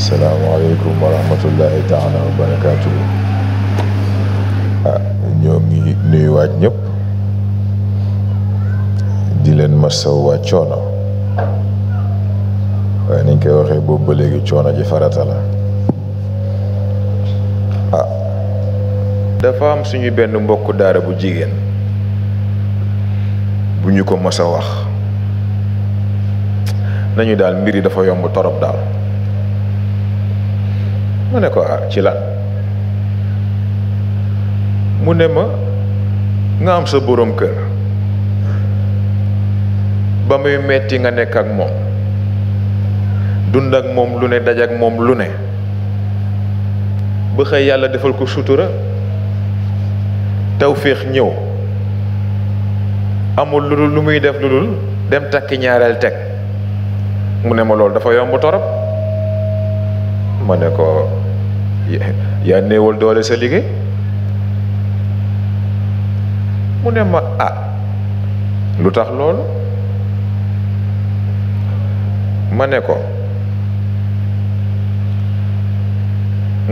asalaamaaleykum wa rahmatullahi taala wa barakaatuhu ah ñoo ngi nuyuwaat ñëpp di leen masaw waa coono waaye nañ koy waxee boobu ba léegi coono ji farata la ah dafa am suñu benn mbokku daara bu jigéen bu ñu ko mas a wax nañu daal mbir yi dafa yomb torop daal mu ne ko ah ci lan mu ne ma nga am sa boroom kër ba muy metti nga nekk ak moom dund ak moom lu ne daj ak moom lu ne ba yàlla defal ko sutura tawféex ñëw amul lu dul lu muy def lu dul dem takki ñaareel teg mu ne ma loolu dafa yomb torop ma ne ko yaa doole sa liggéey mu ne ma ah lu tax loolu ma ne ko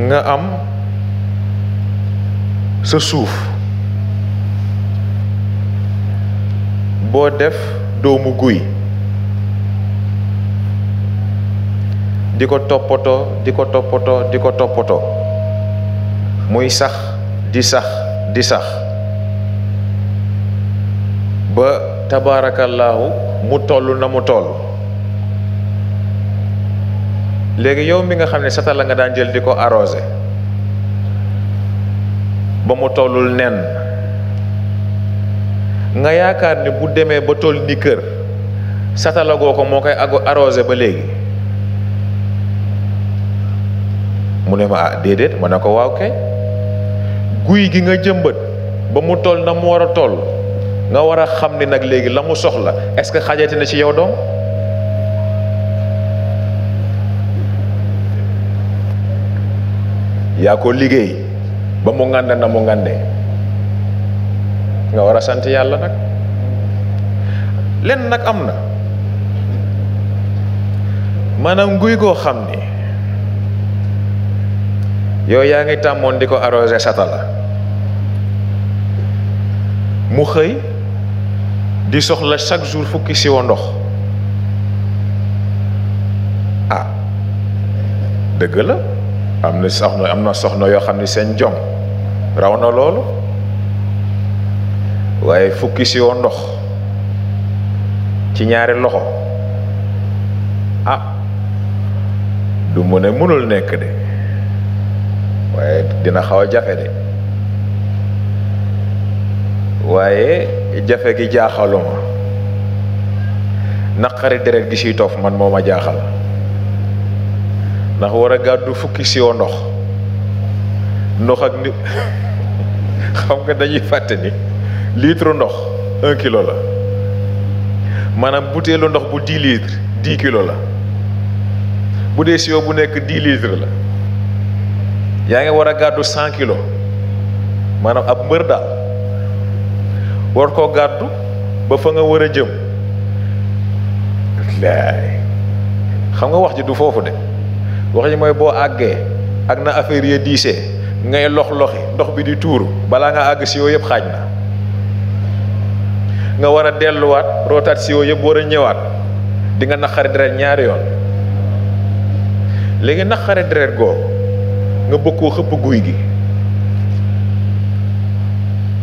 nga am sa suuf boo def doomu guy di ko toppatoo di ko toppatoo di ko toppatoo muy sax di sax di sax ba tabaarakallaahu mu tollu na mu toll léegi yow mi nga xam ne satala nga daan jël di ko arrosé ba mu tollul nen nga yaakaar ni bu demee ba toll ni kër satala goo ko moo koy arrosé ba léegi mu ne ma kau déedéet Gui ne ko bermutol kay guy gi nga jëmbat ba mu toll na mu war a toll nga war a xam ni nag léegi soxla est-ce na ci yow ko ba mu na mu nga yow yaa ngi tàmmoon di ko arrosé satala mu xëy di soxla chaque jour fukki siwo ndox a ah, dëgg la am na soxna na soxna yoo xam ne seen jom raw na loolu waaye fukki siwo ndox ci ñaari loxo ah du mu ne mënul nekk de waaye dina xaw a jafe de waaye jafe gi jaaxaluma naqari deret gi siy toof man moom ma jaaxal ndax war a gàddu fukki siwo ndox ndox ak nit xam nga dañuy fàtte ni litre ndox un kilo la maanaam butéelu ndox bu dix litre dix kilo la bu dee siwo bu nekk dix litre la yaa ngi war 100 kilo mana ab mbër daal war koo gàddu ba fa nga war jëm laay xam nga wax ji du foofu de wax ji mooy boo àggee ak na affaire ya diisee ngay lox loxi ndox bi di tuuru nga nga di nga yoon nga bëgg xëpp guy gi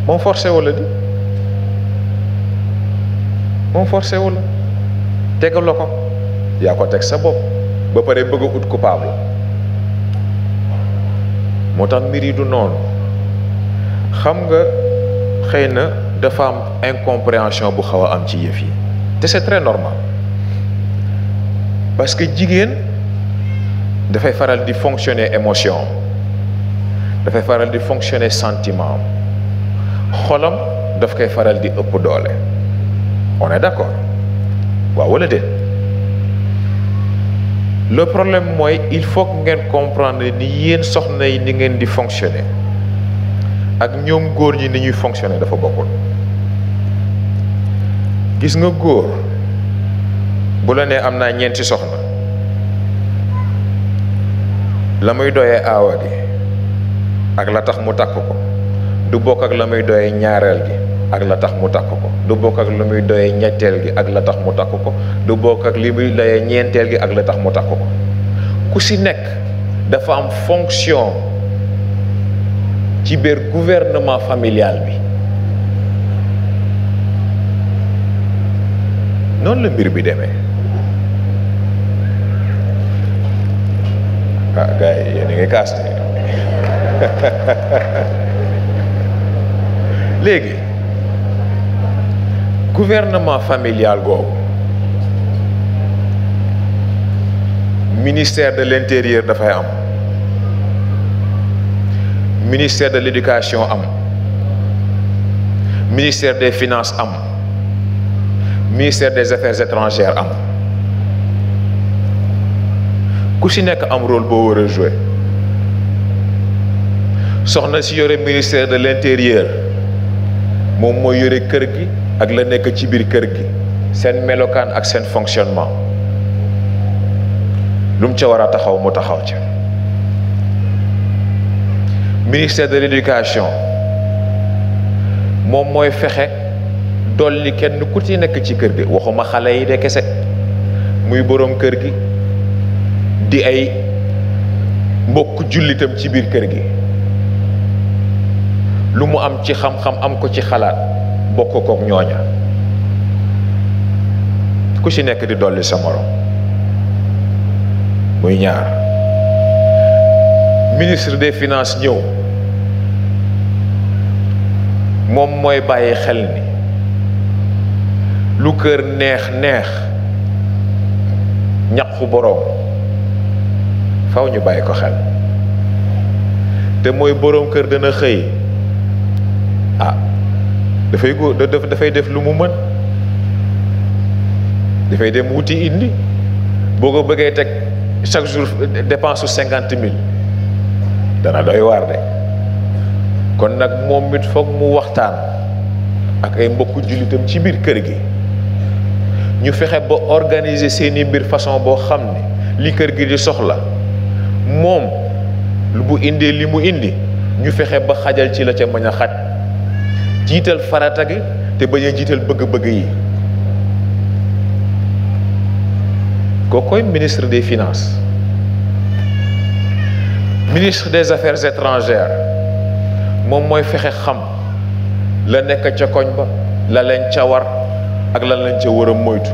moom forcé wala di moom forcé wala tegal ko yaa ko teg sa bopp ba pare bëgg a ut coupable moo tax mbir yi du noonu xam nga xëy na dafa am incompréhension bu xaw a am ci yëf yi te c'est très normal parce que jigéen dafay faral di fonctionner émotion dafay faral di fonctionner sentiment xolam daf kay faral di ëpp doole on est d'accord waaw wala dé le problème mooy il faut que ngeen comprendre ni yéen soxna yi ni ngeen di fonctionner ak ñoom góor ñi ni ñuy fonctionner dafa bokkul gis nga góor bu la nee am naa ñeenti soxna la muy doyee aawa gi ak la tax mu takk ko du bokk ak la muy doyee ñaareel gi ak la tax mu takk ko du bokk ak la muy doyee ñetteel gi ak la tax mu takk ko du bokk ak li muy ñeenteel gi ak la tax mu takk ko ku si nekk dafa am fonction ci biir gouvernement familial bi noonu la mbir bi demee Les gars gouvernement familial le ministère de l'intérieur le am ministère de l'éducation am ministère des finances ministère des affaires étrangères am ku a rôle jouer soxna ministère de l'intérieur mon un yoré kër gi ak la nek ci biir kër gi sen ak fonctionnement lum wara taxaw ministère de l'éducation mom moy fexé dolli kenn ku ci ci kër gi waxuma yi de kese muy borom kër gi di ay mbokk jullitam ci biir kër gi lu mu am ci xam-xam am ko ci xalaat bokk kook ñooña ku ci nekk di dolli sa morom muy ñaar ministre de finance ñëw moom mooy bàyyi xel ni lu kër neex neex ñaqu boroom faw ñu bàyyi ko xel te mooy boroom kër dana xëy ah dafay go dafay def lu mu mën dafay dem wuti indi boo ko bëggee teg chaque jour dépense su cinquante mil dana doy waar de kon nag moom it foog mu waxtaan ak ay mbokku jullitam ci biir kër gi ñu fexe ba organiser seeni mbir façon boo xam ne li kër gi di soxla moom lu bu indee li mu indi ñu fexe ba xajal ci la ca mën a xaj jiital farata gi te bañ a jiital bëgg-bëgg yi kookoy ministre des finances ministre des affaires étrangères moom mooy fexe xam la nekk ca koñ ba la leen ca war ak lan lañ ca war a moytu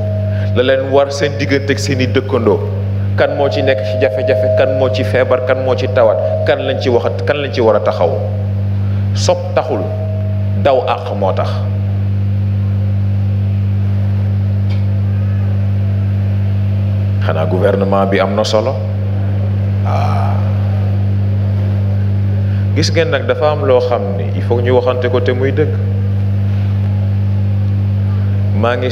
la leen war seen diggante ak seeni dëkkandoo kan mo ci nekk ci jafe-jafe kan mo ci feebar kan moo ci tawat kan lañ ci wax kan lañ ci war a taxaw sob taxul daw àq moo tax gouvernement bi am solo ah gis ngeen nag dafa am loo xam ni il faut ñu waxante ko te muy dëgg maa ngi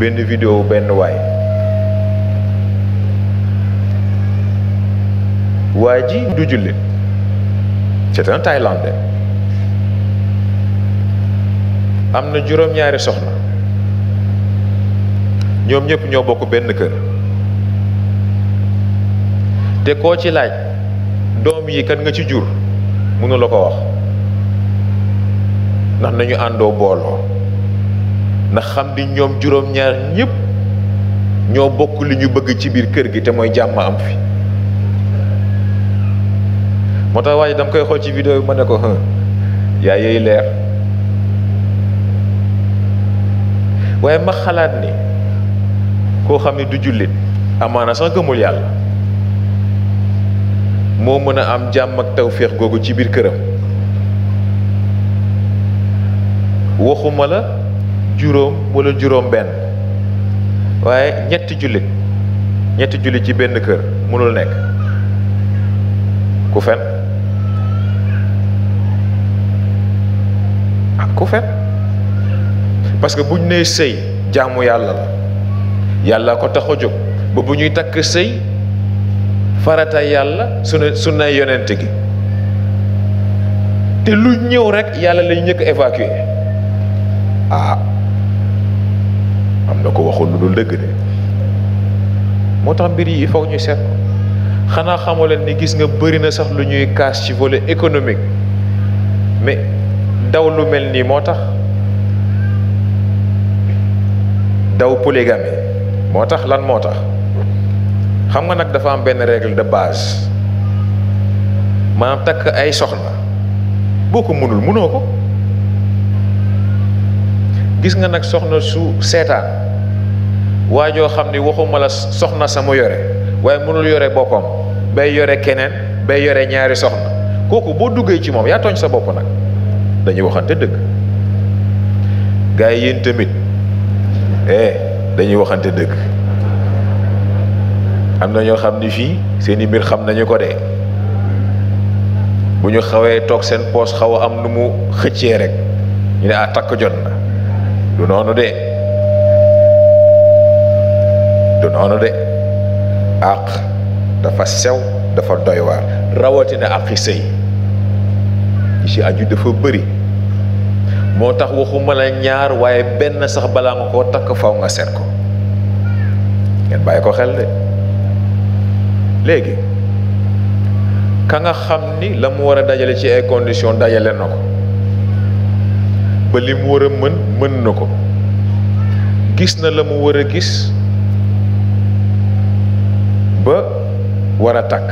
benn vidéo benn waa ji du jullit c'est un Thaïlandais am na juróom-ñaari soxna ñoom ñëpp ñoo bokk benn kër te koo ci laaj doom yi kan nga ci jur mënula ko wax ndax nañu àndoo booloo ndax xam di ñoom juróom-ñaar ñëpp ñoo bokk li ñu bëgg ci biir kër gi te mooy jàmm am fi moo tax waa ji koy xool ci vidéo bi ma ne ko yaa yooyu leer waaye ma xalaat ni koo xam ne du jullit amaana sax gëmul yàlla moo mën a am jàmm ak tawféex googu ci biir këram waxuma la juróom wala juróom benn waaye ñetti jullit ñetti jullit ci benn kër mënul nekk ku fen ku fen parce que bu ñu nee sëy jaamu yàlla la yàlla ko tax a jóg ba bu ñuy takk sëy farata yàlla su sunna yonent gi te lu ñëw rek yàlla lay ñëkk évacuer ah am na ko waxul lu dul dëgg de moo tax mbir yi il ñu set ko xanaa xamoo leen ni gis nga bëri na sax lu ñuy kaas ci volet économique mais daw lu mel nii moo tax daw polygamie moo tax lan moo tax xam nga nag dafa am benn règle de base maanaam takk ay soxna boo ko mënul mënoo ko gis nga nag soxna su seetaan waa joo xam ni waxuma la soxna sama yore waaye mënul yore boppam bay yore keneen bay yore ñaari soxna kooku boo duggee ci moom yaa tooñ sa bopp nag dañuy waxante dëgg gars yi yéen tamit eh, dañuy waxante dëgg am na ñoo xam ni fii seen i mbir xam nañu ko de bu ñu xawee toog seen poos xaw a am nu mu xëccee rek ñu ne ah takk jot na du noonu de du noonu de àq dafa sew dafa doy waar rawatina àqi sëy yi ci aju dafa bëri moo tax waxuma la ñaar waaye benn sax balaa nga koo takk faw nga seet ko ngeen bàyyi ko xel de léegi ka nga xam ni la mu war a dajale ci ay condition dajale na ko ba li mu war a mën mën na ko gis na la mu war a gis ba war a takk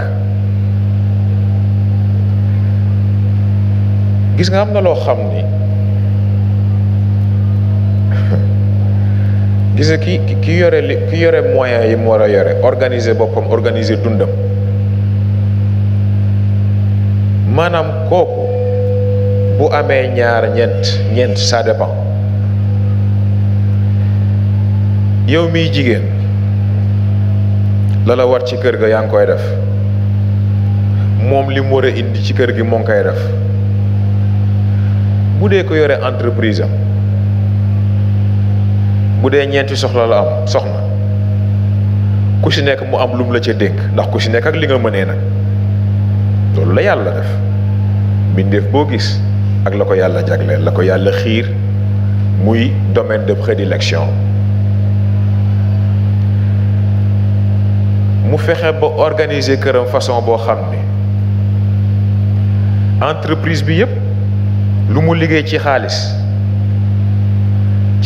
gis nga am na loo xam ni gis nga ki ki yore li ki yore moyens yi mu war a yore organiser boppam organiser dundam maanaam kooku bu amee ñaar ñeent ñeent ça dépend yow miy jigéen la la war ci kër ga yaa ngi koy def moom li mu war a indi ci kër gi moo ngi koy def bu dee ko yore entreprise am bu dee ñeenti soxla la am soxna ku si nekk mu am lum la ca dénk ndax ku si nekk ak li nga mënee nag loolu la yàlla def mbindeef boo gis ak la ko yàlla jagleel la ko yàlla xiir muy domaine de prédilection mu fexe ba organiser këram façon boo xam ni entreprise bi yépp lu mu liggéey ci xaalis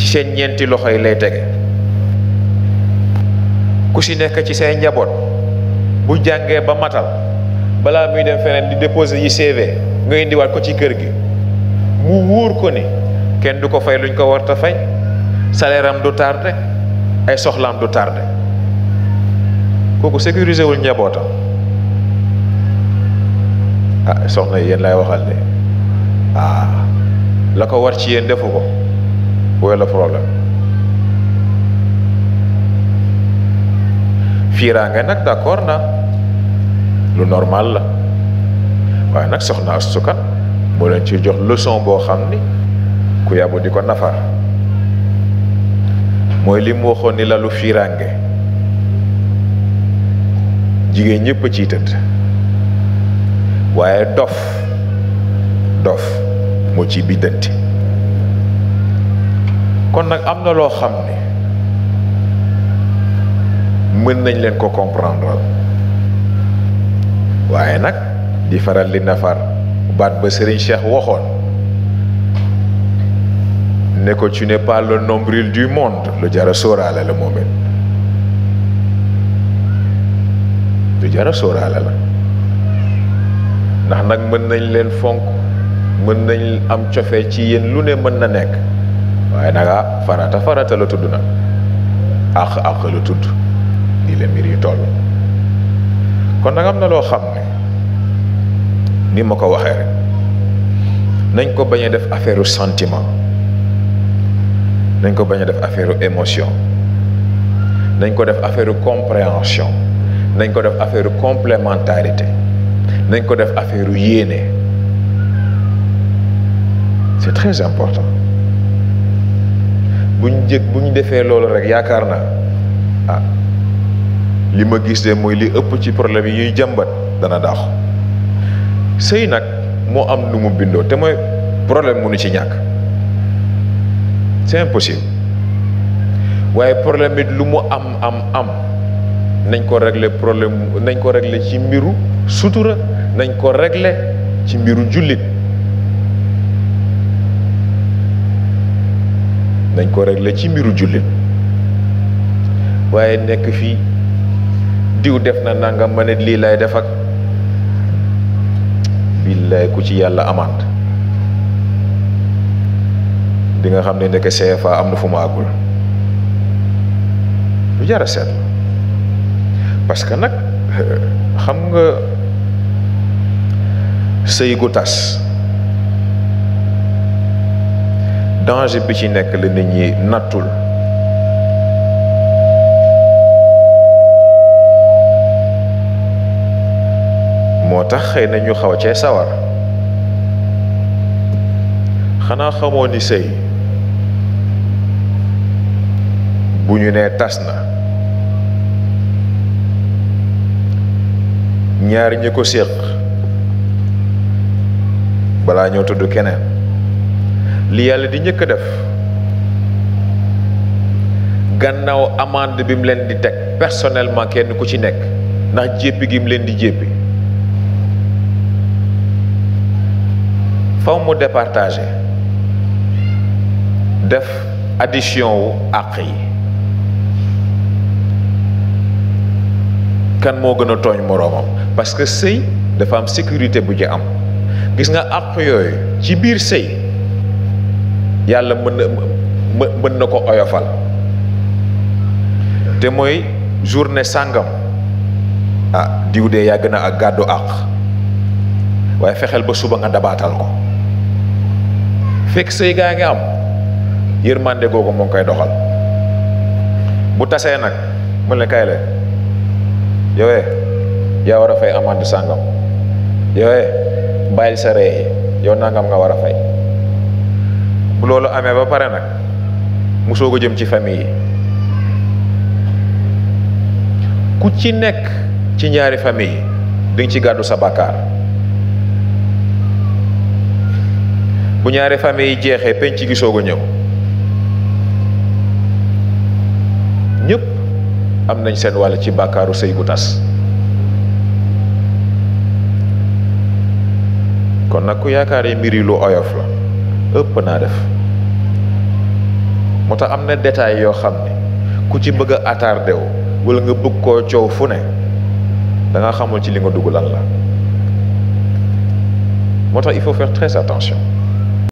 ci seen ñeenti loxo yi lay tege ku si nekk ci say njaboot bu jàngee ba matal balaa muy dem feneen di déposer yi CV nga indiwaat ko ci kër gi mu wóor ko ni kenn du ko fay luñ ko war ta fay salaire am du tardé ay soxlaam du tardé kooku sécuriser wul njabootam ah soxna yéen lay waxal de ah la ko war ci yéen defu ko. Où est problème fiiraange nag d'accord na lu normal la waaye nag soxna Astou Kane leen ciy jox leçon boo xam ni ku yàbbu di ko nafar mooy li mu waxoon ni la lu fiiraange jigéen ñëpp a ciy tëdd waaye dof dof moo ciy biddanti kon nag am na loo xam ne mën nañ leen ko comprendre waaye nag di faral di nafar baat ba Serigne Cheikh waxoon ne ko tu n'es pas le nombril du monde lu jara sóoraale la moom it lu jara sóoraale la ndax nag mën nañ leen fonk mën nañ am cofee ci yéen lu ne mën na nekk waye nag farata farata la tuduna na àq la tudd nii la mbir yi toll kon nga am na lo xam ni mako waxe rek nañ ko bañ def affaire sentiment nañ ko bañ def affaire émotion nañ ko def affaire compréhension nañ ko def affaire complémentarité nañ ko def affaire yéné c'est très important bu ñu jëkk bu ñu defee loolu rek yaakaar naa ah li ma gis de mooy li ëpp ci problème yi ñuy jàmbat dana daaxu sëy nag moo am lu mu bindoo te mooy problème mënu ci ñàkk c'est impossible waaye problème bi lu mu am am am nañ ko regle problème nañ ko régler ci mbiru sutura nañ ko régler ci mbiru jullit nañ ko régler ci mbiru jullit waaye nekk fii diw def na nangam ma ne lii lay def ak billaay ku ci yàlla amant di nga xam ne ndeke CFA am na fu ma àggul lu jar a seet parce que nag euh, xam nga sëy gu tas danger bi ci nekk la nit ñi nattul moo tax xëy nañu ñu xaw cee sawar xanaa xamoo ni sëy bu ñu nee tas na ñaari ñi ko séq balaa ñoo tudd keneen li yàlla di njëkk def gannaaw amande bi mu leen di teg personnellement kenn ku ci nekk ndax jéppi gi mu leen di jéppi faw mu départagé def addition wu àq yi kan moo gën a tooñ moroomam parce que sëy dafa am sécurité bu ci am gis nga àq yooyu ci biir sëy yàlla mën mën na ko oyofal te mooy journée sàngam a ah, diwde de yàgg na ak gàddu àq waaye fexel ba suba nga dabaatal ko fekk sëy gaa ngi am yërmande googu moo ngi koy doxal bu tasee nag mu ne kay leen yowee eh, yaa war a fay amande sàngam yowee eh, bàyyil sa ree yi yow nangam nga war a fay bu loolu amee ba pare nag mu soog a jëm ci famille yi ku ci nekk ci ñaari famille yi di ci gàddu sa bàkkaar bu ñaari famille yi jeexee penc gi soog a ñëw ñëpp am nañ seen wàll ci bàkkaaru sëy bu tas kon nag ku yaakaar yaakaaree mbir yi lu oyof la ëpp naa def moo tax am na détail yoo xam ne ku ci bëgg a attardé wu wala nga bugg koo coow fu ne danga nga xamul ci li nga dugg lan la moo tax il faut faire très attention